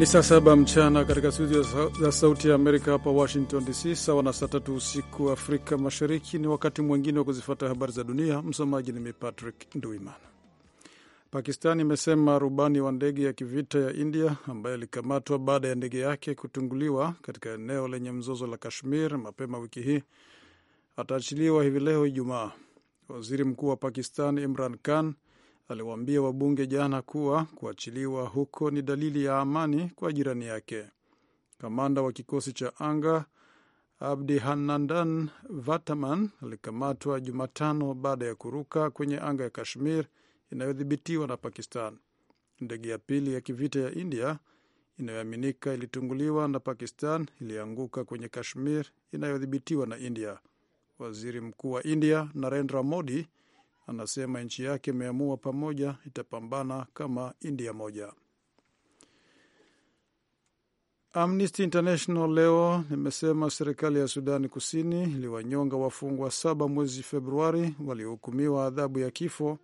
Ni saa saba mchana katika studio za Sauti ya Amerika hapa Washington DC, sawa na saa tatu usiku Afrika Mashariki. Ni wakati mwingine wa kuzifuata habari za dunia. Msomaji ni mimi Patrick Nduimana. Pakistani imesema rubani wa ndege ya kivita ya India ambaye alikamatwa baada ya ndege yake kutunguliwa katika eneo lenye mzozo la Kashmir mapema wiki hii ataachiliwa hivi leo Ijumaa. Waziri Mkuu wa Pakistan Imran Khan aliwaambia wabunge jana kuwa kuachiliwa huko ni dalili ya amani kwa jirani yake. Kamanda wa kikosi cha anga Abdi Hanandan Vataman alikamatwa Jumatano baada ya kuruka kwenye anga ya Kashmir inayodhibitiwa na Pakistan. Ndege ya pili ya kivita ya India inayoaminika ilitunguliwa na Pakistan ilianguka kwenye Kashmir inayodhibitiwa na India. Waziri Mkuu wa India Narendra Modi anasema nchi yake imeamua pamoja itapambana kama India moja. Amnesty International leo imesema serikali ya Sudani Kusini iliwanyonga wafungwa saba mwezi Februari waliohukumiwa adhabu ya kifo,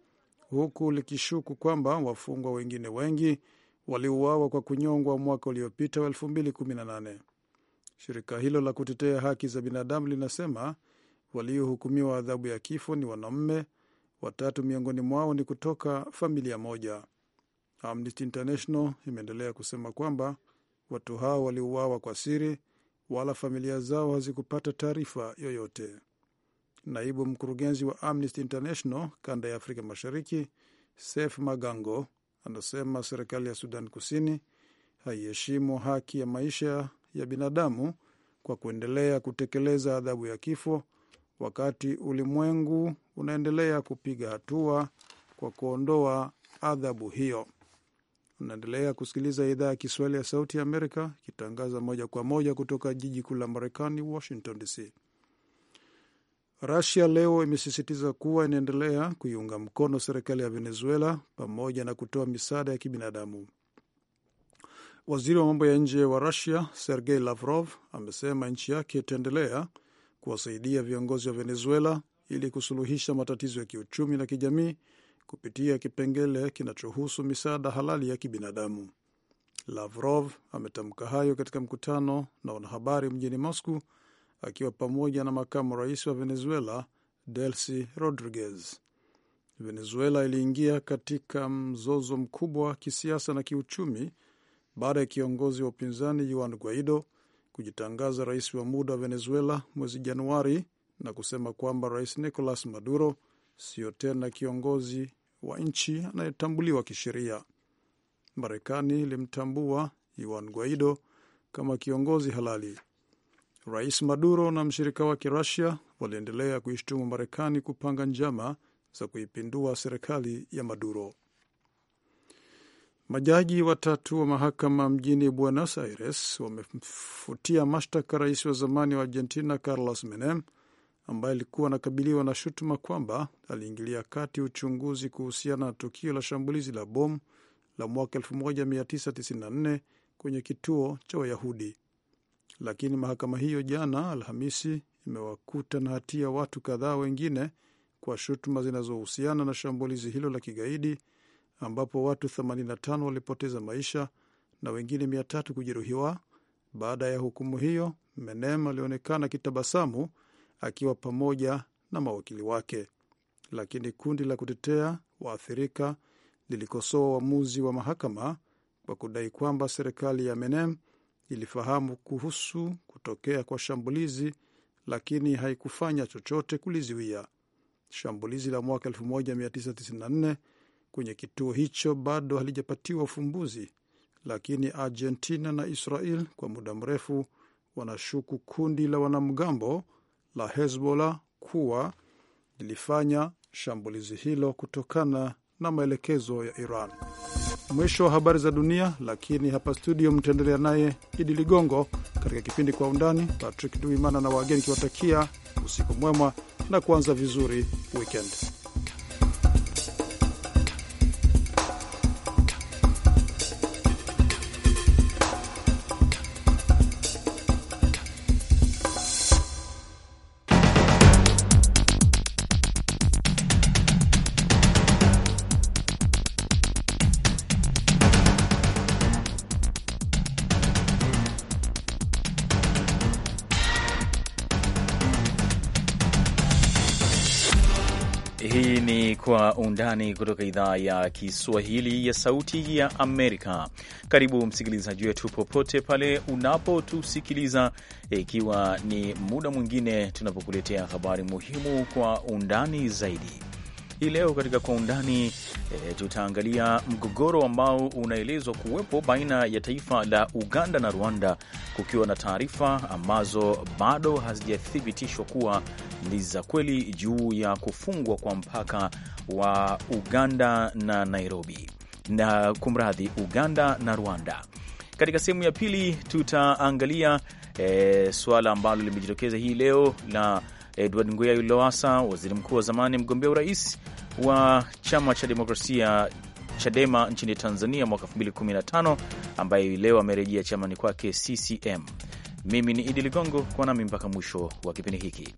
huku likishuku kwamba wafungwa wengine wengi waliuawa kwa kunyongwa mwaka uliopita wa 2018. Shirika hilo la kutetea haki za binadamu linasema waliohukumiwa adhabu ya kifo ni wanaume watatu miongoni mwao ni kutoka familia moja. Amnesty International imeendelea kusema kwamba watu hao waliuawa kwa siri, wala familia zao hazikupata taarifa yoyote. Naibu mkurugenzi wa Amnesty International kanda ya Afrika Mashariki, Sef Magango, anasema serikali ya Sudan Kusini haiheshimu haki ya maisha ya binadamu kwa kuendelea kutekeleza adhabu ya kifo wakati ulimwengu unaendelea kupiga hatua kwa kuondoa adhabu hiyo. Unaendelea kusikiliza idhaa ya Kiswahili ya Sauti ya Amerika ikitangaza moja kwa moja kutoka jiji kuu la Marekani, Washington DC. Rasia leo imesisitiza kuwa inaendelea kuiunga mkono serikali ya Venezuela pamoja na kutoa misaada ya kibinadamu. Waziri wa mambo ya nje wa Rasia Sergei Lavrov amesema nchi yake itaendelea kuwasaidia viongozi wa Venezuela ili kusuluhisha matatizo ya kiuchumi na kijamii kupitia kipengele kinachohusu misaada halali ya kibinadamu. Lavrov ametamka hayo katika mkutano na wanahabari mjini Moscow akiwa pamoja na makamu rais wa Venezuela Delcy Rodriguez. Venezuela iliingia katika mzozo mkubwa wa kisiasa na kiuchumi baada ya kiongozi wa upinzani Juan Guaido kujitangaza rais wa muda wa Venezuela mwezi Januari na kusema kwamba rais Nicolas Maduro sio tena kiongozi wa nchi anayetambuliwa kisheria. Marekani ilimtambua Juan Guaido kama kiongozi halali. Rais Maduro na mshirika wake Rusia waliendelea kuishtumu Marekani kupanga njama za kuipindua serikali ya Maduro. Majaji watatu wa mahakama mjini Buenos Aires wamemfutia mashtaka rais wa zamani wa Argentina Carlos Menem ambaye alikuwa anakabiliwa na shutuma kwamba aliingilia kati uchunguzi kuhusiana na tukio la shambulizi la bomu la mwaka 1994 kwenye kituo cha Wayahudi. Lakini mahakama hiyo jana Alhamisi imewakuta na hatia watu kadhaa wengine kwa shutuma zinazohusiana na shambulizi hilo la kigaidi ambapo watu 85 walipoteza maisha na wengine 300 kujeruhiwa. Baada ya hukumu hiyo, Menem alionekana kitabasamu akiwa pamoja na mawakili wake, lakini kundi la kutetea waathirika lilikosoa uamuzi wa mahakama kwa kudai kwamba serikali ya Menem ilifahamu kuhusu kutokea kwa shambulizi lakini haikufanya chochote kulizuia. Shambulizi la mwaka 1994 kwenye kituo hicho bado halijapatiwa ufumbuzi, lakini Argentina na Israel kwa muda mrefu wanashuku kundi la wanamgambo la Hezbollah kuwa lilifanya shambulizi hilo kutokana na maelekezo ya Iran. Mwisho wa habari za dunia, lakini hapa studio mtaendelea naye Idi Ligongo katika kipindi Kwa Undani. Patrick Duimana na wageni kiwatakia usiku mwema na kuanza vizuri weekend. undani kutoka idhaa ya Kiswahili ya Sauti ya Amerika. Karibu msikilizaji wetu popote pale unapotusikiliza, ikiwa ni muda mwingine tunapokuletea habari muhimu kwa undani zaidi. Hii leo katika Kwa Undani e, tutaangalia mgogoro ambao unaelezwa kuwepo baina ya taifa la Uganda na Rwanda, kukiwa na taarifa ambazo bado hazijathibitishwa kuwa ni za kweli juu ya kufungwa kwa mpaka wa Uganda na Nairobi na kumradhi, Uganda na Rwanda. Katika sehemu ya pili tutaangalia e, suala ambalo limejitokeza hii leo la Edward Nguya Lowassa, waziri mkuu wa zamani, mgombea urais wa chama cha demokrasia Chadema nchini Tanzania mwaka 2015 ambaye leo amerejea chamani kwake CCM. Mimi ni Idi Ligongo, kwa nami mpaka mwisho wa kipindi hiki.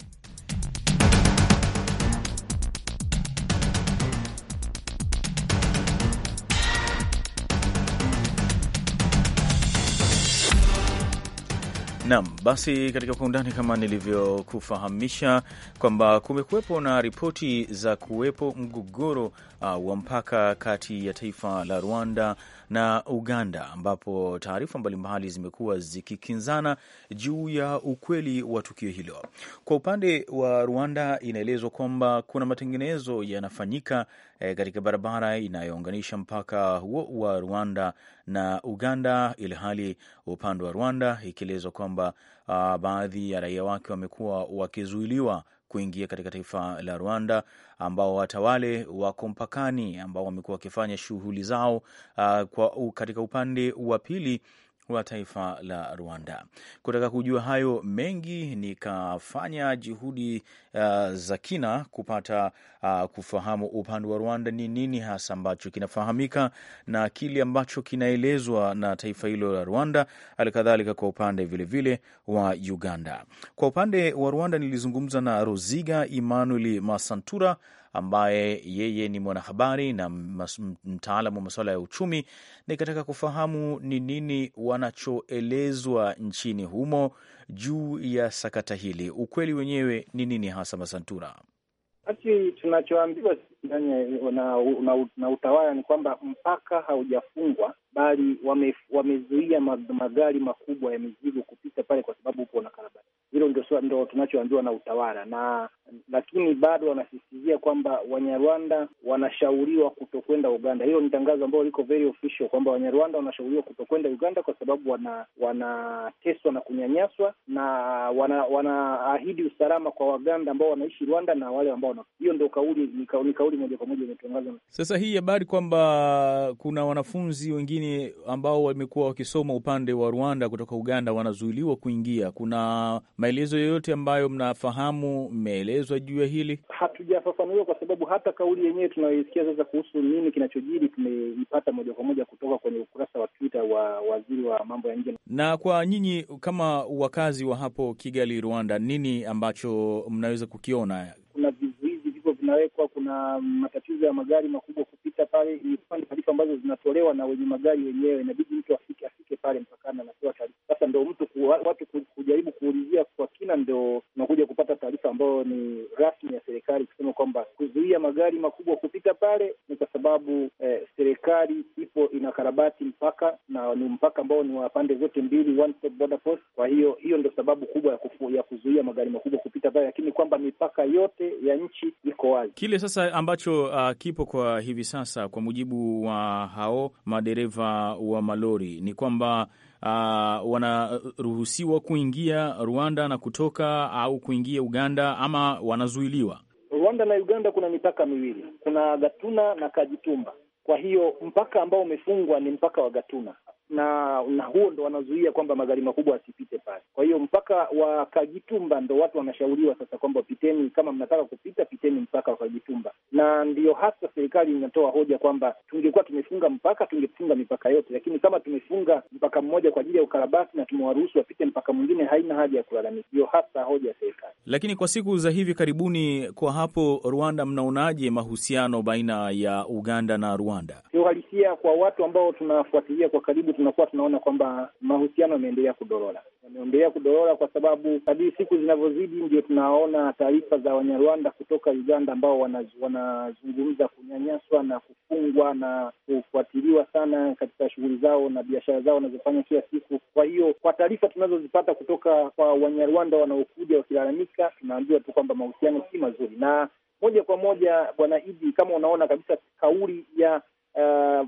Naam, basi katika kwa undani, kama nilivyokufahamisha kwamba kumekuwepo na ripoti za kuwepo mgogoro uh, wa mpaka kati ya taifa la Rwanda na Uganda, ambapo taarifa mbalimbali zimekuwa zikikinzana juu ya ukweli wa tukio hilo. Kwa upande wa Rwanda, inaelezwa kwamba kuna matengenezo yanafanyika eh, katika barabara inayounganisha mpaka huo wa Rwanda na Uganda, ilhali upande wa Rwanda ikielezwa kwamba uh, baadhi ya raia wake wamekuwa wakizuiliwa kuingia katika taifa la Rwanda, ambao watawale wako mpakani, ambao wamekuwa wakifanya shughuli zao uh, kwa, katika upande wa pili wa taifa la Rwanda. Kutaka kujua hayo mengi, nikafanya juhudi uh, za kina kupata uh, kufahamu upande wa Rwanda ni nini hasa ambacho kinafahamika na kile ambacho kinaelezwa na taifa hilo la Rwanda, halikadhalika kwa upande vilevile vile wa Uganda. Kwa upande wa Rwanda nilizungumza na Roziga Emmanuel Masantura ambaye yeye ni mwanahabari na mtaalamu wa masuala ya uchumi, nikataka kufahamu ni nini wanachoelezwa nchini humo juu ya sakata hili. Ukweli wenyewe ni nini hasa, Masantura? Basi tunachoambiwa Yaani, na, na, na utawala ni kwamba mpaka haujafungwa bali wame, wamezuia magari makubwa ya mizigo kupita pale kwa sababu huko na karabati. Hilo ndio ndo tunachoambiwa na utawala na lakini bado wanasisitizia kwamba Wanyarwanda wanashauriwa kutokwenda Uganda. Hilo ni tangazo ambalo liko very official kwamba Wanyarwanda wanashauriwa kutokwenda Uganda kwa sababu wanateswa wana na kunyanyaswa na wanaahidi wana usalama kwa Waganda ambao wanaishi Rwanda na wale ambao hiyo ndo kauli ni kauli kauli moja kwa moja imetangaza. Sasa hii habari kwamba kuna wanafunzi wengine ambao wamekuwa wakisoma upande wa Rwanda kutoka Uganda wanazuiliwa kuingia, kuna maelezo yoyote ambayo mnafahamu, mmeelezwa juu ya hili? Hatujafafanuliwa kwa sababu hata kauli yenyewe tunayoisikia sasa kuhusu nini kinachojiri tumeipata moja kwa moja kutoka kwenye ukurasa wa Twitter wa waziri wa mambo ya nje. Na kwa nyinyi kama wakazi wa hapo Kigali, Rwanda, nini ambacho mnaweza kukiona? Kuna zinawekwa, kuna matatizo ya magari makubwa kupita pale. Ni taarifa ambazo zinatolewa na wenye magari wenyewe, inabidi mtu afike afike pale mpakani, anatoa taarifa sasa ndo mtu ku, watu kujaribu kuulizia kwa kina, ndo unakuja kupata taarifa ambayo ni rasmi ya serikali kusema kwamba kuzuia magari makubwa kupita pale ni kwa sababu eh, serikali ipo inakarabati mpaka na ni mpaka ambao ni wa pande zote mbili, one stop border post. Kwa hiyo hiyo ndo sababu kubwa ya, kufu, ya kuzuia magari makubwa kupita pale, lakini kwamba mipaka yote ya nchi iko wazi. Kile sasa ambacho uh, kipo kwa hivi sasa kwa mujibu wa hao madereva wa malori ni kwamba uh, wanaruhusiwa kuingia Rwanda na kutoka au kuingia Uganda ama wanazuiliwa? Rwanda na Uganda kuna mipaka miwili, kuna Gatuna na Kajitumba. Kwa hiyo mpaka ambao umefungwa ni mpaka wa Gatuna na na huo ndo wanazuia kwamba magari makubwa asipite pale. Kwa hiyo mpaka wa Kagitumba ndo watu wanashauriwa sasa kwamba piteni, kama mnataka kupita piteni mpaka wa Kagitumba, na ndiyo hasa serikali inatoa hoja kwamba tungekuwa tumefunga mpaka tungefunga mipaka yote, lakini kama tumefunga mpaka mmoja kwa ajili ya ukarabati na tumewaruhusu wapite mpaka mwingine, haina haja ya kulalamika. Ndiyo hasa hoja ya serikali. Lakini kwa siku za hivi karibuni, kwa hapo Rwanda, mnaonaje mahusiano baina ya Uganda na Rwanda? Kiuhalisia, kwa watu ambao tunafuatilia kwa karibu tunakuwa tunaona kwamba mahusiano yameendelea kudorora, yameendelea kudorora kwa sababu kadiri siku zinavyozidi, ndio tunaona taarifa za Wanyarwanda kutoka Uganda ambao wanazungumza wana kunyanyaswa na kufungwa na kufuatiliwa sana katika shughuli zao na biashara zao wanazofanya kila siku. Kwa hiyo kwa taarifa tunazozipata kutoka kwa Wanyarwanda wanaokuja wakilalamika, tunaambiwa tu kwamba mahusiano si mazuri na moja kwa moja, Bwana Idi, kama unaona kabisa kauli ya Uh,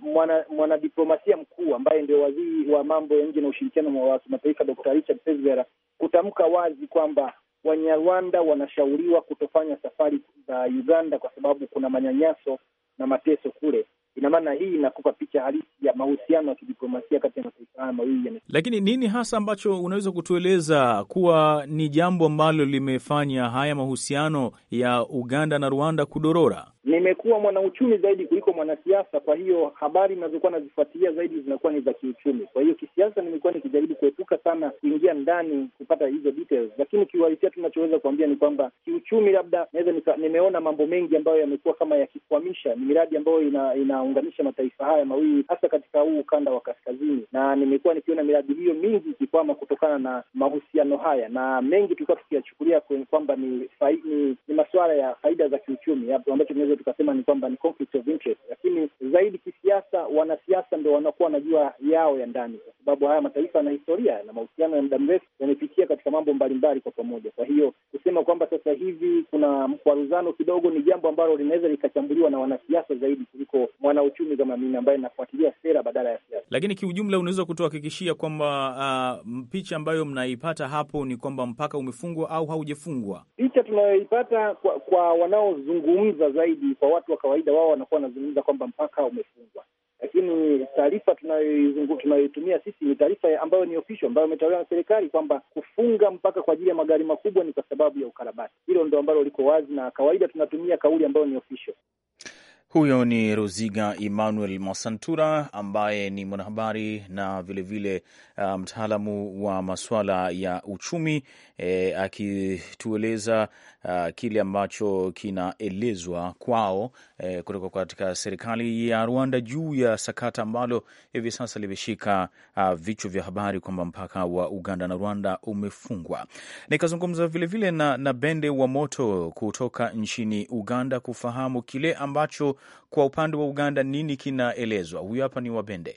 mwanadiplomasia mwana mkuu ambaye ndio waziri wa mambo ya nje na ushirikiano wa kimataifa Dr. Richard Sezibera kutamka wazi kwamba Wanyarwanda wanashauriwa kutofanya safari za Uganda kwa sababu kuna manyanyaso na mateso kule. Ina maana hii inakupa picha halisi ya mahusiano ya kidiplomasia kati ya mataifa haya mawili. Lakini nini hasa ambacho unaweza kutueleza kuwa ni jambo ambalo limefanya haya mahusiano ya Uganda na Rwanda kudorora? Nimekuwa mwanauchumi zaidi kuliko mwanasiasa, kwa hiyo habari ninazokuwa nazifuatilia zaidi zinakuwa ni za kiuchumi. Kwa hiyo kisiasa, nimekuwa nikijaribu kuepuka sana kuingia ndani kupata hizo details, lakini kiuhalisia, tunachoweza kuambia ni kwamba kiuchumi, labda naweza nimeona mambo mengi ambayo yamekuwa kama yakikwamisha, ni miradi ambayo ina, inaunganisha mataifa haya mawili hasa katika huu ukanda wa kaskazini, na nimekuwa nikiona miradi hiyo mingi ikikwama kutokana na mahusiano haya, na mengi tulikuwa tukiyachukulia kwamba ni, ni, ni masuala ya faida za kiuchumi ambacho tunaweza tukasema ni kwamba ni conflict of interest, lakini zaidi kisiasa, wanasiasa ndo wanakuwa wanajua yao ya ndani sababu haya mataifa yana historia na mahusiano ya muda mrefu yamepitia katika mambo mbalimbali kwa pamoja. Kwa hiyo kusema kwamba sasa hivi kuna mkwaruzano kidogo ni jambo ambalo linaweza likachambuliwa na wanasiasa zaidi kuliko mwanauchumi kama mimi ambaye nafuatilia sera badala ya siasa. Lakini kiujumla, unaweza kutuhakikishia kwamba uh, picha ambayo mnaipata hapo ni kwamba mpaka umefungwa au haujafungwa? Picha tunayoipata kwa, kwa wanaozungumza zaidi, kwa watu wa kawaida, wao wanakuwa wanazungumza kwamba mpaka umefungwa lakini taarifa tunayoitumia sisi ni taarifa ambayo ni official, ambayo imetolewa na serikali kwamba kufunga mpaka kwa ajili ya magari makubwa ni kwa sababu ya ukarabati. Hilo ndo ambalo liko wazi, na kawaida tunatumia kauli ambayo ni official. Huyo ni Ruziga Emmanuel Masantura ambaye ni mwanahabari na vilevile uh, mtaalamu wa masuala ya uchumi eh, akitueleza uh, kile ambacho kinaelezwa kwao eh, kutoka katika serikali ya Rwanda juu ya sakata ambalo hivi sasa limeshika uh, vichwa vya habari kwamba mpaka wa Uganda na Rwanda umefungwa. Nikazungumza vilevile na, na Bende wa Moto kutoka nchini Uganda kufahamu kile ambacho kwa upande wa Uganda nini kinaelezwa? Huyu hapa ni Wabende.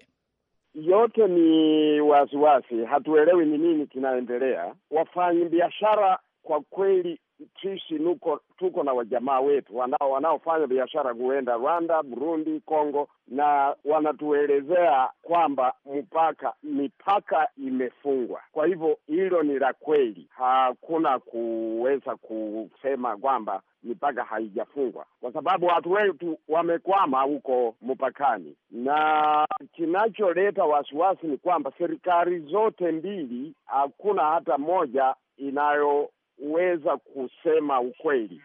Yote ni wasiwasi, hatuelewi ni nini kinaendelea. wafanyi biashara kwa kweli sisi nuko, tuko na wajamaa wetu wanao wanaofanya biashara kuenda Rwanda, Burundi, Kongo, na wanatuelezea kwamba mpaka mipaka imefungwa. Kwa hivyo hilo ni la kweli, hakuna kuweza kusema kwamba mipaka haijafungwa kwa sababu watu wetu wamekwama huko mpakani, na kinacholeta wasiwasi ni kwamba serikali zote mbili hakuna hata moja inayo kuweza kusema ukweli.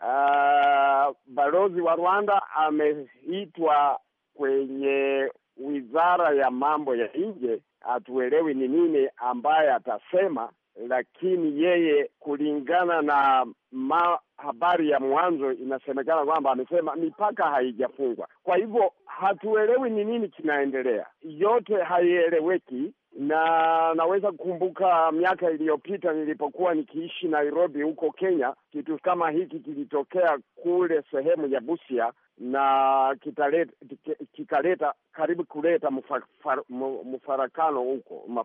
Uh, balozi wa Rwanda ameitwa kwenye wizara ya mambo ya nje, hatuelewi ni nini ambaye atasema, lakini yeye kulingana na ma habari ya mwanzo inasemekana kwamba amesema mipaka haijafungwa. Kwa hivyo hatuelewi ni nini kinaendelea, yote haieleweki na naweza kukumbuka miaka iliyopita nilipokuwa nikiishi Nairobi huko Kenya, kitu kama hiki kilitokea kule sehemu ya Busia na kikaleta karibu kuleta mfarakano huko,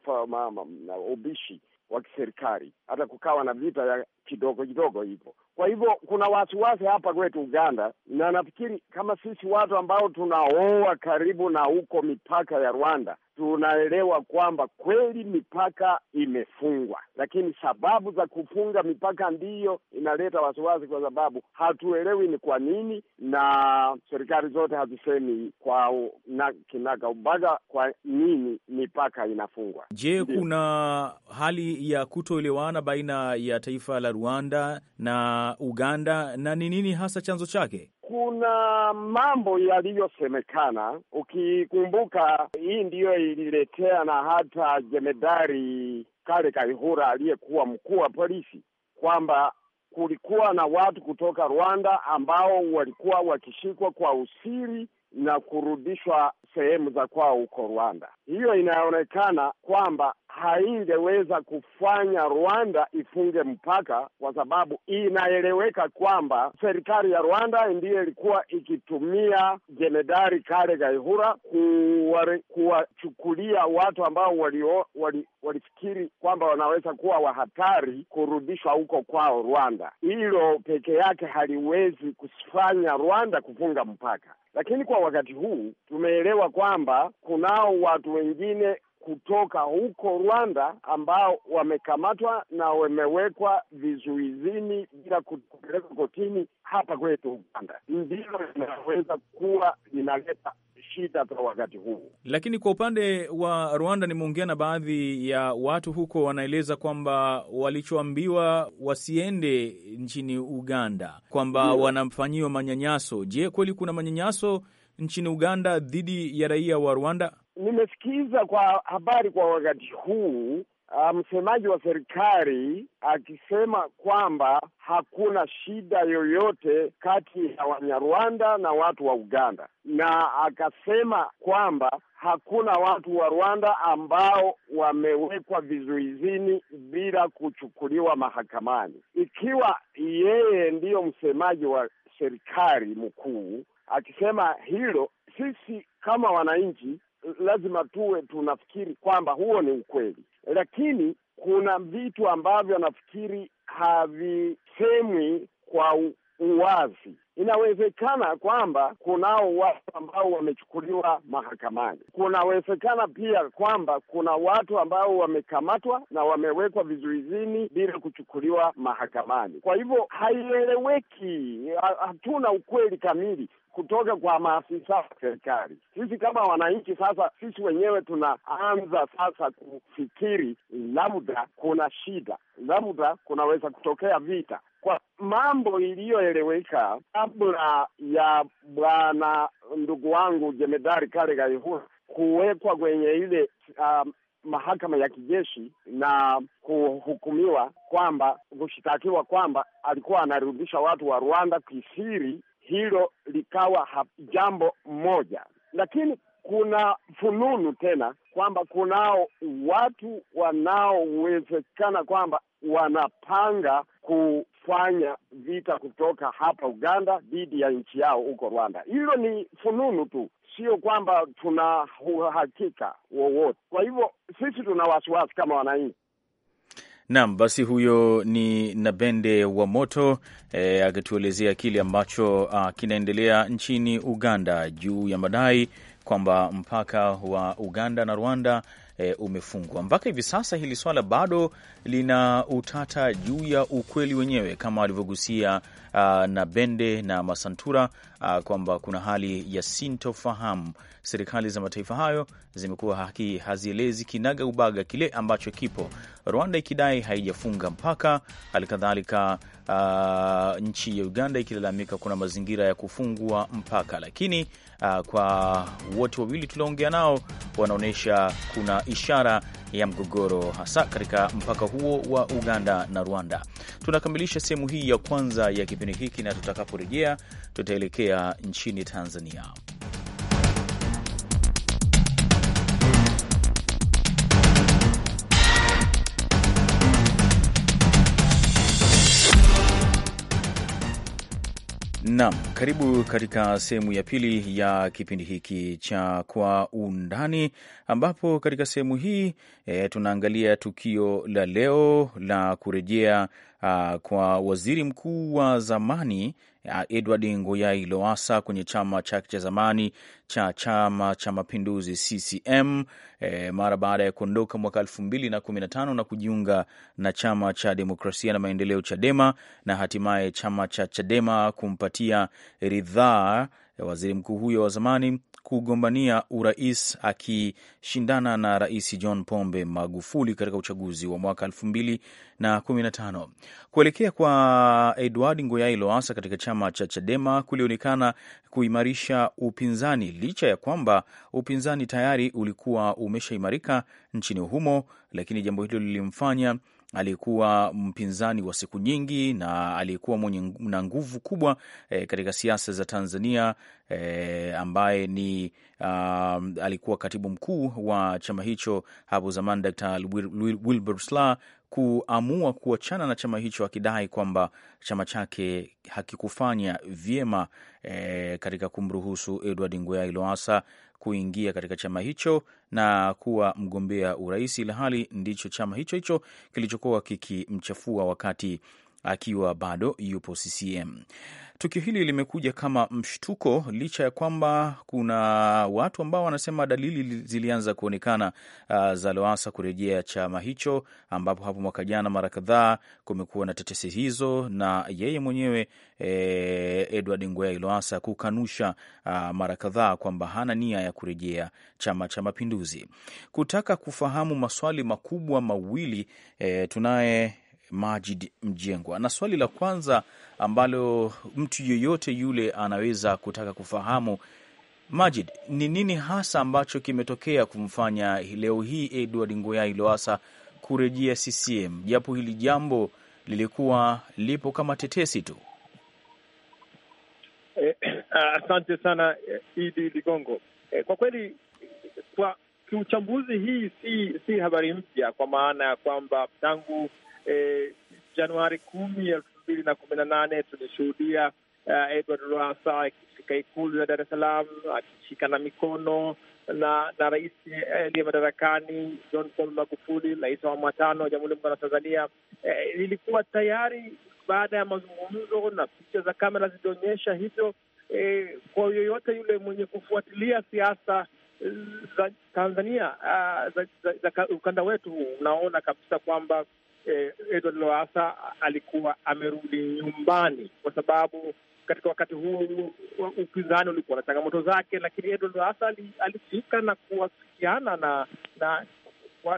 ubishi wa kiserikali, hata kukawa na vita ya kidogo kidogo hivyo. Kwa hivyo kuna wasiwasi hapa kwetu Uganda, na nafikiri kama sisi watu ambao tunaoa karibu na huko mipaka ya Rwanda tunaelewa kwamba kweli mipaka imefungwa, lakini sababu za kufunga mipaka ndiyo inaleta wasiwasi, kwa sababu hatuelewi ni kwa nini, na serikali zote hazisemi kwa na, kinaga ubaga kwa nini mipaka inafungwa. Je, kuna hali ya kutoelewana baina ya taifa la Rwanda na Uganda, na ni nini hasa chanzo chake? Kuna mambo yaliyosemekana. Ukikumbuka, hii ndiyo ililetea na hata jemedari Kale Kaihura aliyekuwa mkuu wa polisi kwamba kulikuwa na watu kutoka Rwanda ambao walikuwa wakishikwa kwa usiri na kurudishwa sehemu za kwao huko Rwanda. Hiyo inaonekana kwamba haingeweza kufanya Rwanda ifunge mpaka, kwa sababu inaeleweka kwamba serikali ya Rwanda ndiyo ilikuwa ikitumia Jemedari Kale Gaihura kuwachukulia watu ambao walio, wali, walifikiri kwamba wanaweza kuwa wahatari kurudishwa huko kwao Rwanda. Hilo peke yake haliwezi kufanya Rwanda kufunga mpaka, lakini kwa wakati huu tumeelewa kwamba kunao watu wengine kutoka huko Rwanda ambao wamekamatwa na wamewekwa vizuizini bila kupelekwa kotini hapa kwetu Uganda, ndilo linaweza kuwa linaleta shida kwa wakati huu. Lakini kwa upande wa Rwanda, nimeongea na baadhi ya watu huko, wanaeleza kwamba walichoambiwa wasiende nchini Uganda, kwamba hmm, wanafanyiwa manyanyaso. Je, kweli kuna manyanyaso nchini Uganda dhidi ya raia wa Rwanda? nimesikiza kwa habari kwa wakati huu ah, msemaji wa serikali akisema kwamba hakuna shida yoyote kati ya Wanyarwanda na watu wa Uganda, na akasema kwamba hakuna watu wa Rwanda ambao wamewekwa vizuizini bila kuchukuliwa mahakamani. Ikiwa yeye ndiyo msemaji wa serikali mkuu akisema hilo, sisi kama wananchi lazima tuwe tunafikiri kwamba huo ni ukweli, lakini kuna vitu ambavyo nafikiri havisemwi kwa uwazi. Inawezekana kwamba kunao watu ambao wamechukuliwa mahakamani. Kunawezekana pia kwamba kuna watu ambao wamekamatwa na wamewekwa vizuizini bila kuchukuliwa mahakamani. Kwa hivyo haieleweki, hatuna ukweli kamili kutoka kwa maafisa wa serikali. Sisi kama wananchi sasa, sisi wenyewe tunaanza sasa kufikiri, labda kuna shida, labda kunaweza kutokea vita kwa mambo iliyoeleweka kabla ya bwana ndugu wangu jemedari Kale Kayihura kuwekwa kwenye ile um, mahakama ya kijeshi na kuhukumiwa kwamba kushitakiwa kwamba alikuwa anarudisha watu wa Rwanda kisiri hilo likawa jambo moja, lakini kuna fununu tena kwamba kunao watu wanaowezekana kwamba wanapanga kufanya vita kutoka hapa Uganda dhidi ya nchi yao huko Rwanda. Hilo ni fununu tu, sio kwamba tuna uhakika wowote. Kwa hivyo sisi tuna wasiwasi kama wananchi. Naam, basi huyo ni Nabende wa Moto e, eh, akituelezea kile ambacho a, ah, kinaendelea nchini Uganda juu ya madai kwamba mpaka wa Uganda na Rwanda e, umefungwa. Mpaka hivi sasa hili swala bado lina utata juu ya ukweli wenyewe, kama alivyogusia na Bende na Masantura kwamba kuna hali ya sintofahamu. Serikali za mataifa hayo zimekuwa hazielezi kinaga ubaga kile ambacho kipo, Rwanda ikidai haijafunga mpaka, halikadhalika nchi ya Uganda ikilalamika kuna mazingira ya kufungua mpaka, lakini uh, kwa wote wawili tulioongea nao, wanaonyesha kuna ishara ya mgogoro hasa katika mpaka huo wa Uganda na Rwanda. Tunakamilisha sehemu hii ya kwanza ya kipindi hiki, na tutakaporejea tutaelekea nchini Tanzania. Naam, karibu katika sehemu ya pili ya kipindi hiki cha Kwa Undani, ambapo katika sehemu hii e, tunaangalia tukio la leo la kurejea a, kwa waziri mkuu wa zamani Edward Nguyai loasa kwenye chama chake cha zamani cha Chama cha Mapinduzi CCM e, eh, mara baada ya kuondoka mwaka elfu mbili na kumi na tano na kujiunga na Chama cha Demokrasia na Maendeleo Chadema, na hatimaye chama cha Chadema kumpatia ridhaa waziri mkuu huyo wa zamani kugombania urais akishindana na Rais John Pombe Magufuli katika uchaguzi wa mwaka 2015. Kuelekea kwa Edward Ngoyai Lowassa katika chama cha Chadema kulionekana kuimarisha upinzani licha ya kwamba upinzani tayari ulikuwa umeshaimarika nchini humo, lakini jambo hilo lilimfanya aliyekuwa mpinzani wa siku nyingi na aliyekuwa mwenye na nguvu kubwa e, katika siasa za Tanzania e, ambaye ni um, alikuwa katibu mkuu wa chama hicho hapo zamani, Dr. Wilbur Sla kuamua kuachana na chama hicho akidai kwamba chama chake hakikufanya vyema e, katika kumruhusu Edward Ngoyai Lowassa kuingia katika chama hicho na kuwa mgombea urais, ilhali ndicho chama hicho hicho kilichokuwa kikimchafua wakati akiwa bado yupo CCM. Tukio hili limekuja kama mshtuko, licha ya kwamba kuna watu ambao wanasema dalili zilianza kuonekana uh, za Loasa kurejea chama hicho, ambapo hapo mwaka jana mara kadhaa kumekuwa na tetesi hizo, na yeye mwenyewe eh, Edward Ngwea Loasa kukanusha uh, mara kadhaa kwamba hana nia ya kurejea Chama cha Mapinduzi. Kutaka kufahamu maswali makubwa mawili, eh, tunaye Majid Mjengwa, na swali la kwanza ambalo mtu yeyote yule anaweza kutaka kufahamu, Majid, ni nini hasa ambacho kimetokea kumfanya leo hii Edward Ngoyai Lowassa kurejea CCM, japo hili jambo lilikuwa lipo kama tetesi tu? Eh, eh asante sana eh, Idi Ligongo. Eh, kwa kweli kwa kiuchambuzi hii si si habari mpya, kwa maana ya kwamba tangu eh, Januari kumi elfu mbili na kumi na nane tulishuhudia uh, Edward Lowassa akifika ikulu ya Dar es Salaam akishikana mikono na na rais e, aliye madarakani John Paul Magufuli, rais wa awamu ya tano wa Jamhuri ya Muungano wa Tanzania. Eh, ilikuwa tayari baada ya mazungumzo na picha za kamera zilionyesha hivyo. Eh, kwa yoyote yule mwenye kufuatilia siasa za Tanzania uh, za, za, za ukanda wetu huu unaona kabisa kwamba eh, Edward loasa alikuwa amerudi nyumbani, kwa sababu katika wakati huu upinzani ulikuwa na changamoto zake, lakini Edward Loasa alifika na kuwasikiana na na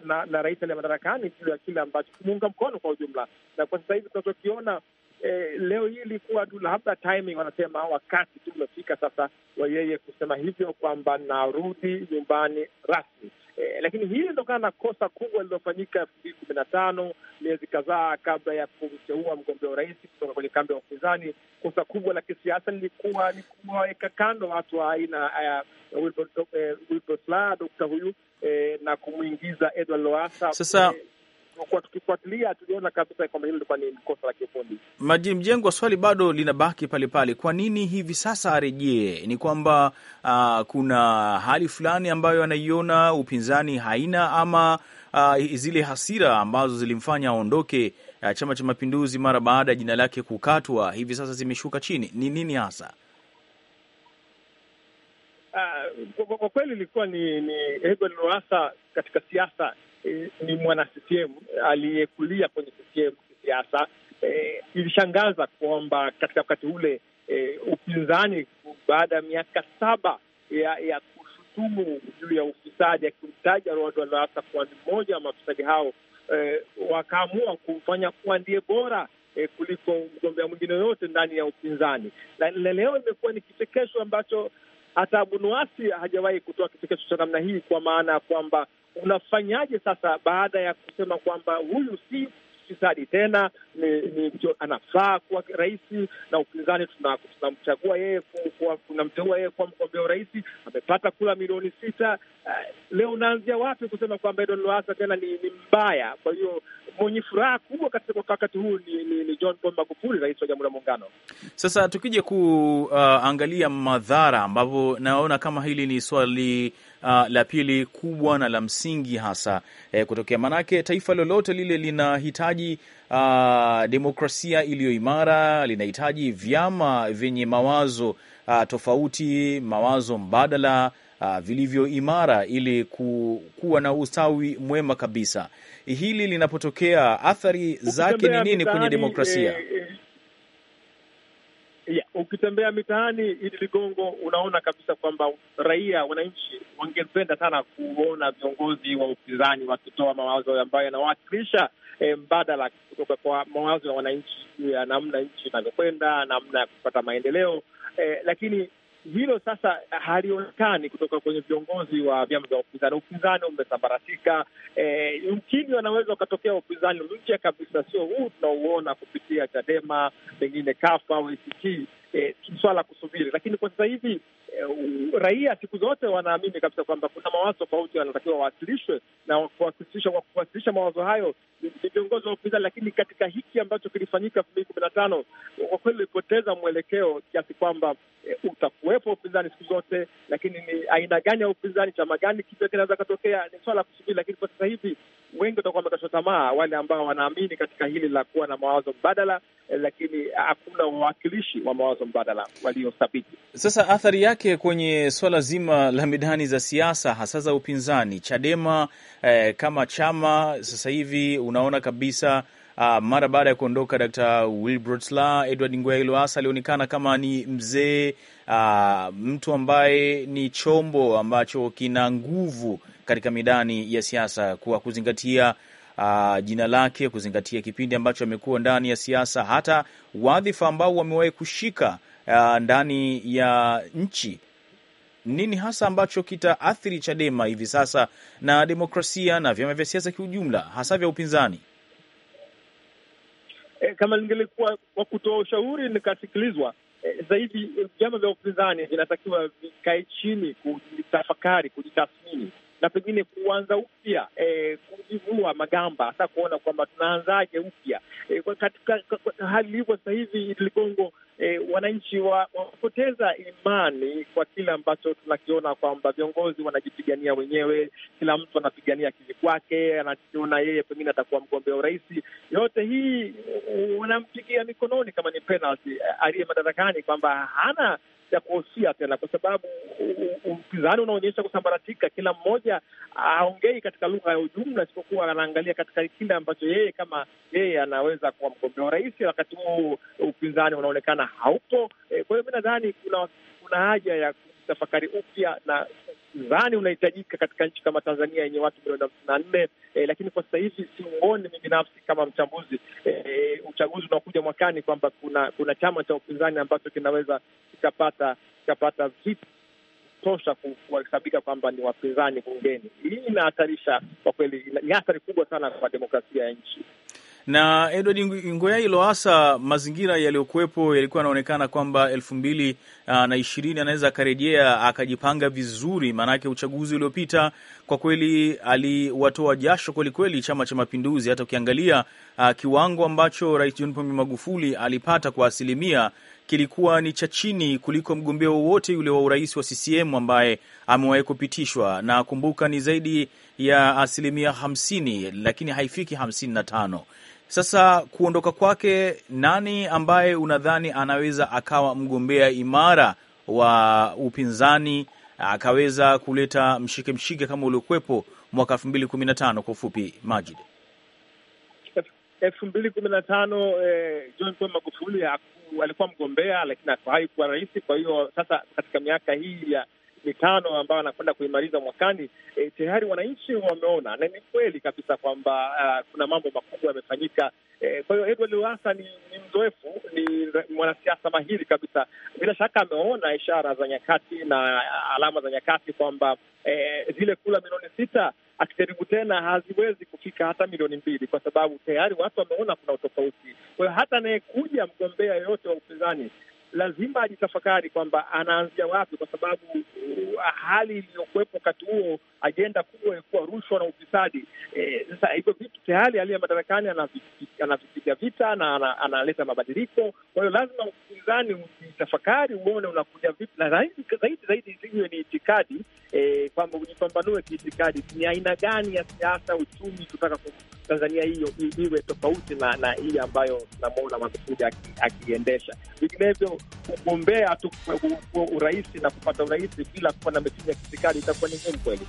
na, na rais aliye madarakani juu ya kile ambacho kumuunga mkono kwa ujumla, na kwa sasa hivi tunachokiona eh, leo hii ilikuwa tu labda timing, wanasema wakati tu umefika sasa wa yeye kusema hivyo kwamba narudi nyumbani rasmi eh, lakini hii ilitokana na kosa kubwa lililofanyika elfu mbili kumi na tano miezi kadhaa kabla ya kumteua mgombea urais kutoka kwenye kambi ya upinzani. Kosa kubwa la kisiasa lilikuwa ni kuwaweka kando watu wa aina ya eh, Wilbrod eh, Slaa, dokta huyu eh, na kumwingiza Edward Loasa sasa eh, kwa tukifuatilia tuliona kabisa kwamba hili lilikuwa ni kosa la kiufundi. Maji Mjengwa, swali bado linabaki pale pale, kwa nini hivi sasa arejee? Ni kwamba uh, kuna hali fulani ambayo anaiona upinzani haina ama uh, zile hasira ambazo zilimfanya aondoke uh, Chama cha Mapinduzi mara baada ya jina lake kukatwa hivi sasa zimeshuka chini, ni nini hasa? Uh, kwa kweli ilikuwa ni, ni hego lililoasa katika siasa Eh, ni mwana CCM aliyekulia kwenye CCM kisiasa. E, ilishangaza kwamba katika wakati ule e, upinzani baada ya miaka saba ya, ya kushutumu juu ya ufisadi akimtaja Rwanda Walasa kuwa ni mmoja wa mafisadi hao e, wakaamua kufanya kuwa ndiye bora e, kuliko mgombea mwingine yoyote ndani ya upinzani, na leo imekuwa ni kichekesho ambacho hata Abunuasi hajawahi kutoa kitekezo cha namna hii, kwa maana ya kwamba unafanyaje sasa baada ya kusema kwamba huyu si ufisadi tena. Ni, ni anafaa kuwa rais, na upinzani tunamchagua yeye, tunamteua yeye kuwa mgombea urais, amepata kula milioni sita. Uh, leo unaanzia wapi kusema kwamba Edon Lowassa tena ni, ni mbaya? Kwa hiyo mwenye furaha kubwa katika wakati huu ni, ni, ni John Pombe Magufuli, rais wa Jamhuri ya Muungano. Sasa tukija kuangalia uh, madhara ambavyo naona kama hili ni swali uh, la pili kubwa na la msingi hasa eh, kutokea. Maanake taifa lolote lile linahitaji uh, demokrasia iliyo imara, linahitaji vyama vyenye mawazo uh, tofauti, mawazo mbadala Uh, vilivyo imara ili ku, kuwa na ustawi mwema kabisa. Hili linapotokea athari zake ni nini kwenye demokrasia? E, yeah, ukitembea mitaani ili ligongo, unaona kabisa kwamba raia, wananchi wangependa sana kuona viongozi wa upinzani wakitoa mawazo ambayo yanawakilisha e, mbadala kutoka kwa mawazo ya wananchi juu ya namna nchi inavyokwenda, namna ya kupata maendeleo e, lakini hilo sasa halionekani kutoka kwenye viongozi wa vyama vya upinzani. Upinzani umesambaratika. E, mkini wanaweza wakatokea upinzani mpya kabisa, sio huu tunauona kupitia Chadema, pengine kafa au ACT. E, swala kusubiri, lakini kwa sasa hivi Eh, raia siku zote wanaamini kabisa kwamba kuna mawazo tofauti wanatakiwa wawasilishwe, na kuwasilisha kwa kuwasilisha mawazo hayo ni viongozi wa upinzani. Lakini katika hiki ambacho kilifanyika elfu mbili kumi na tano kwa kweli ulipoteza mwelekeo kiasi kwamba e, utakuwepo upinzani siku zote, lakini ni aina gani ya upinzani, chama gani kipya kinaweza katokea, ni swala la kusubiri. Lakini kwa sasa hivi wengi watakuwa wamekashwa tamaa, wale ambao wanaamini katika hili la kuwa na mawazo mbadala, eh, lakini hakuna wawakilishi wa mawazo mbadala waliothabiti. Sasa athari yake kwenye swala zima la midani za siasa, hasa za upinzani, Chadema eh, kama chama sasa hivi unaona kabisa Uh, mara baada ya kuondoka d Wilbrod Slaa, Edward Ngoyai Lowassa alionekana kama ni mzee uh, mtu ambaye ni chombo ambacho kina nguvu katika midani ya siasa kwa kuzingatia Uh, jina lake kuzingatia kipindi ambacho amekuwa ndani ya siasa, hata wadhifa ambao wamewahi kushika uh, ndani ya nchi. Nini hasa ambacho kitaathiri Chadema hivi sasa na demokrasia na vyama vya siasa kiujumla, hasa vya upinzani? E, kama ningelikuwa kwa kutoa ushauri nikasikilizwa e, zaidi e, vyama vya upinzani vinatakiwa vikae chini, kujitafakari, kujitathmini na pengine kuanza upya e, kujivua magamba, hasa kuona kwamba tunaanzaje upya e, katika hali ilivyo sasa hivi Ligongo. E, wananchi wamepoteza wa imani kwa kile ambacho tunakiona kwamba viongozi wanajipigania wenyewe, kila mtu anapigania kivi kwake, anakiona yeye pengine atakuwa mgombea urais. Yote hii wanampigia mikononi kama ni penalty e, aliye madarakani, kwamba hana ya kuhusia tena, kwa sababu upinzani unaonyesha kusambaratika. Kila mmoja aongei katika lugha ya ujumla, isipokuwa anaangalia katika kile ambacho yeye kama yeye anaweza kuwa mgombea urais, wakati huu upinzani unaonekana haupo. Eh, kwa hiyo mi nadhani kuna kuna haja ya kutafakari upya na zani unahitajika katika nchi kama Tanzania yenye watu milioni hamsini na nne. Eh, lakini kwa sasa hivi siuoni mi binafsi kama mchambuzi eh, uchaguzi unaokuja mwakani kwamba kuna kuna chama cha upinzani ambacho kinaweza kikapata kikapata viti tosha kuhesabika kwamba ni wapinzani bungeni. Hii inahatarisha kwa kweli, ni hatari kubwa sana kwa demokrasia ya nchi na Edward Ngoyai Loasa, mazingira yaliyokuwepo yalikuwa yanaonekana kwamba elfu mbili ah, na ishirini anaweza akarejea akajipanga vizuri, maanake uchaguzi uliopita kwa kweli aliwatoa jasho kwelikweli Chama cha Mapinduzi. Hata ukiangalia uh, kiwango ambacho Rais John Pombe Magufuli alipata kwa asilimia kilikuwa ni cha chini kuliko mgombea wowote yule wa urais wa CCM ambaye amewahi kupitishwa, na kumbuka ni zaidi ya asilimia hamsini, lakini haifiki hamsini na tano. Sasa kuondoka kwake, nani ambaye unadhani anaweza akawa mgombea imara wa upinzani akaweza kuleta mshike mshike kama uliokuwepo mwaka elfu mbili kumi na tano kwa ufupi, Majid? elfu mbili kumi na tano eh, John Pombe Magufuli alikuwa mgombea, lakini hakuwahi kuwa rais. Kwa hiyo sasa katika miaka hii ya mitano ambayo anakwenda kuimaliza mwakani, e, tayari wananchi wameona na ni kweli kabisa kwamba uh, kuna mambo makubwa yamefanyika. E, kwa hiyo Edward Lowassa ni, ni mzoefu, ni mwanasiasa mahiri kabisa. Bila shaka ameona ishara za nyakati na alama za nyakati kwamba e, zile kula milioni sita akijaribu tena haziwezi kufika hata milioni mbili kwa sababu tayari watu wameona kuna utofauti. Kwa hiyo hata anayekuja mgombea yoyote wa upinzani lazima ajitafakari kwamba anaanzia wapi, kwa sababu uh, hali iliyokuwepo wakati huo, ajenda kubwa ilikuwa rushwa na ufisadi. E, sasa e, hivyo vitu tayari aliye madarakani anavipiga vita na analeta mabadiliko. Kwa hiyo lazima upinzani ujitafakari, uone unakuja vipi, na zaidi zaidi isiwe ni itikadi e, kwamba ujipambanue kiitikadi, ni aina gani ya siasa, uchumi tutaka Tanzania hiyo iwe tofauti na na hii ambayo tunamwona Magufuli akiendesha vinginevyo kugombea urais na kupata urais bila kuwa na misingi ya kiserikali itakuwa ni ngumu kweli.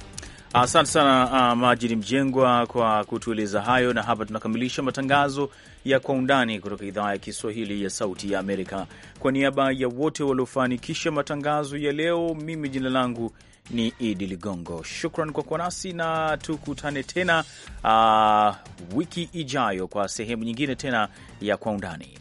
Asante sana uh, Majini Mjengwa kwa kutueleza hayo, na hapa tunakamilisha matangazo ya Kwa Undani kutoka idhaa ya Kiswahili ya Sauti ya Amerika. Kwa niaba ya wote waliofanikisha matangazo ya leo, mimi jina langu ni Idi Ligongo. Shukran kwa kuwa nasi na tukutane tena uh, wiki ijayo kwa sehemu nyingine tena ya Kwa Undani.